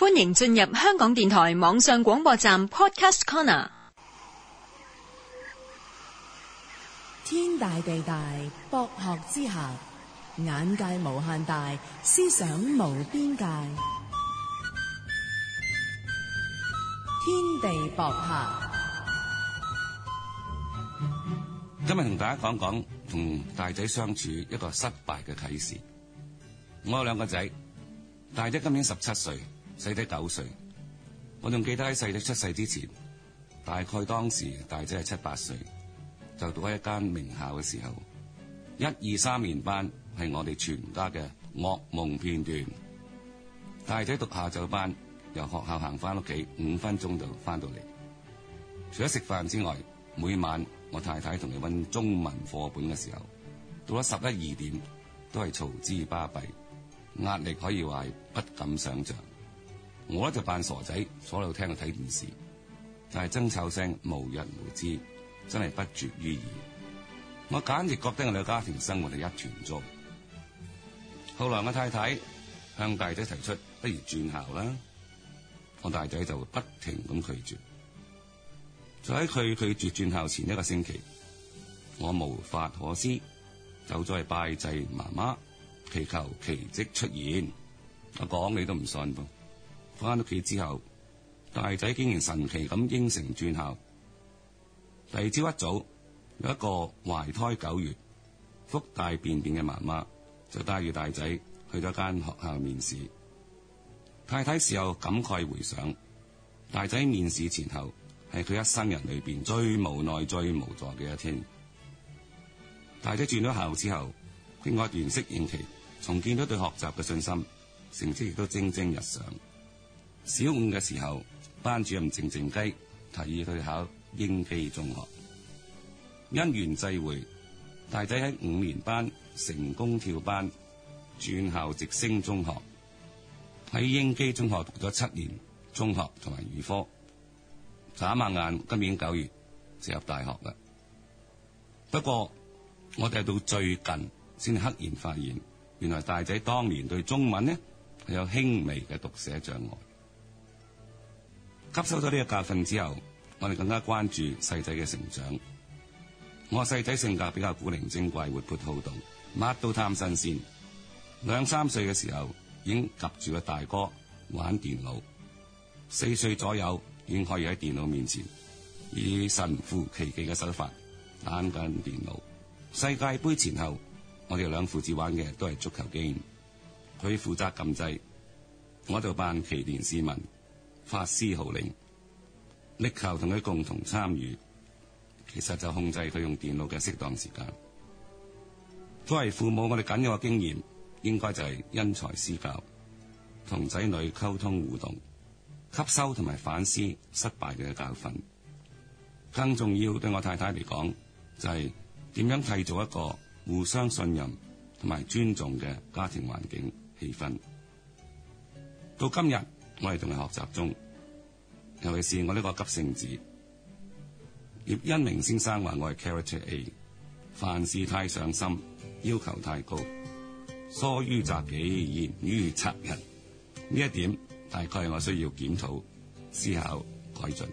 歡迎進入香港電台網上廣播站 Podcast Corner。天大地大，博學之下；眼界無限大，思想無邊界。天地博客。今日同大家講講同大仔相處一個失敗嘅啟示。我有兩個仔，大仔今年十七歲。細仔九歲，我仲記得喺細仔出世之前，大概當時大仔係七八歲，就讀喺一間名校嘅時候，一二三年班係我哋全家嘅噩夢片段。大仔讀下晝班，由學校行翻屋企五分鐘就翻到嚟。除咗食飯之外，每晚我太太同佢溫中文課本嘅時候，到咗十一二點都係嘈之巴閉，壓力可以話係不敢想像。我咧，就扮傻仔坐喺度聽佢睇電視，但係爭吵聲無日無之，真係不絕於耳。我簡直覺得我哋家庭生活係一團糟。後來我太太向大仔提出，不如轉校啦。我大仔就不停咁拒絕。就喺佢佢拒絕轉校前一個星期，我無法可施，就再拜祭媽媽，祈求奇迹出現。我講你都唔信噃。翻屋企之後，大仔竟然神奇咁應承轉校。第二朝一早，有一個懷胎九月腹大便便嘅媽媽就帶住大仔去咗間學校面試。太太事後感慨回想，大仔面試前後係佢一生人裏邊最無奈、最無助嘅一天。大仔轉咗校之後，經過一段適應期，重建咗對學習嘅信心，成績亦都蒸蒸日上。小五嘅時候，班主任靜靜雞提議去考英基中學。因緣際會，大仔喺五年班成功跳班轉校，直升中學喺英基中學讀咗七年中學同埋預科。眨下眼，今年九月就入大學啦。不過我哋到最近先赫然發現，原來大仔當年對中文呢，係有輕微嘅讀寫障礙。吸收咗呢個教訓之後，我哋更加關注細仔嘅成長。我細仔性格比較古靈精怪、活潑好動，乜都貪新鮮。兩三歲嘅時候已經夾住個大哥玩電腦，四歲左右已經可以喺電腦面前以神乎其技嘅手法玩緊電腦。世界盃前後，我哋兩父子玩嘅都係足球機，佢負責撳掣，我就扮奇連士文。發施號令，力求同佢共同參與，其實就控制佢用電腦嘅適當時間。作為父母，我哋僅有嘅經驗，應該就係因材施教，同仔女溝通互動，吸收同埋反思失敗嘅教訓。更重要，對我太太嚟講，就係、是、點樣締造一個互相信任同埋尊重嘅家庭環境氣氛。到今日。我哋仲係學習中，尤其是我呢個急性子。葉恩明先生話我係 character A，凡事太上心，要求太高，疏於責己，嚴於察人。呢一點大概係我需要檢討、思考、改進。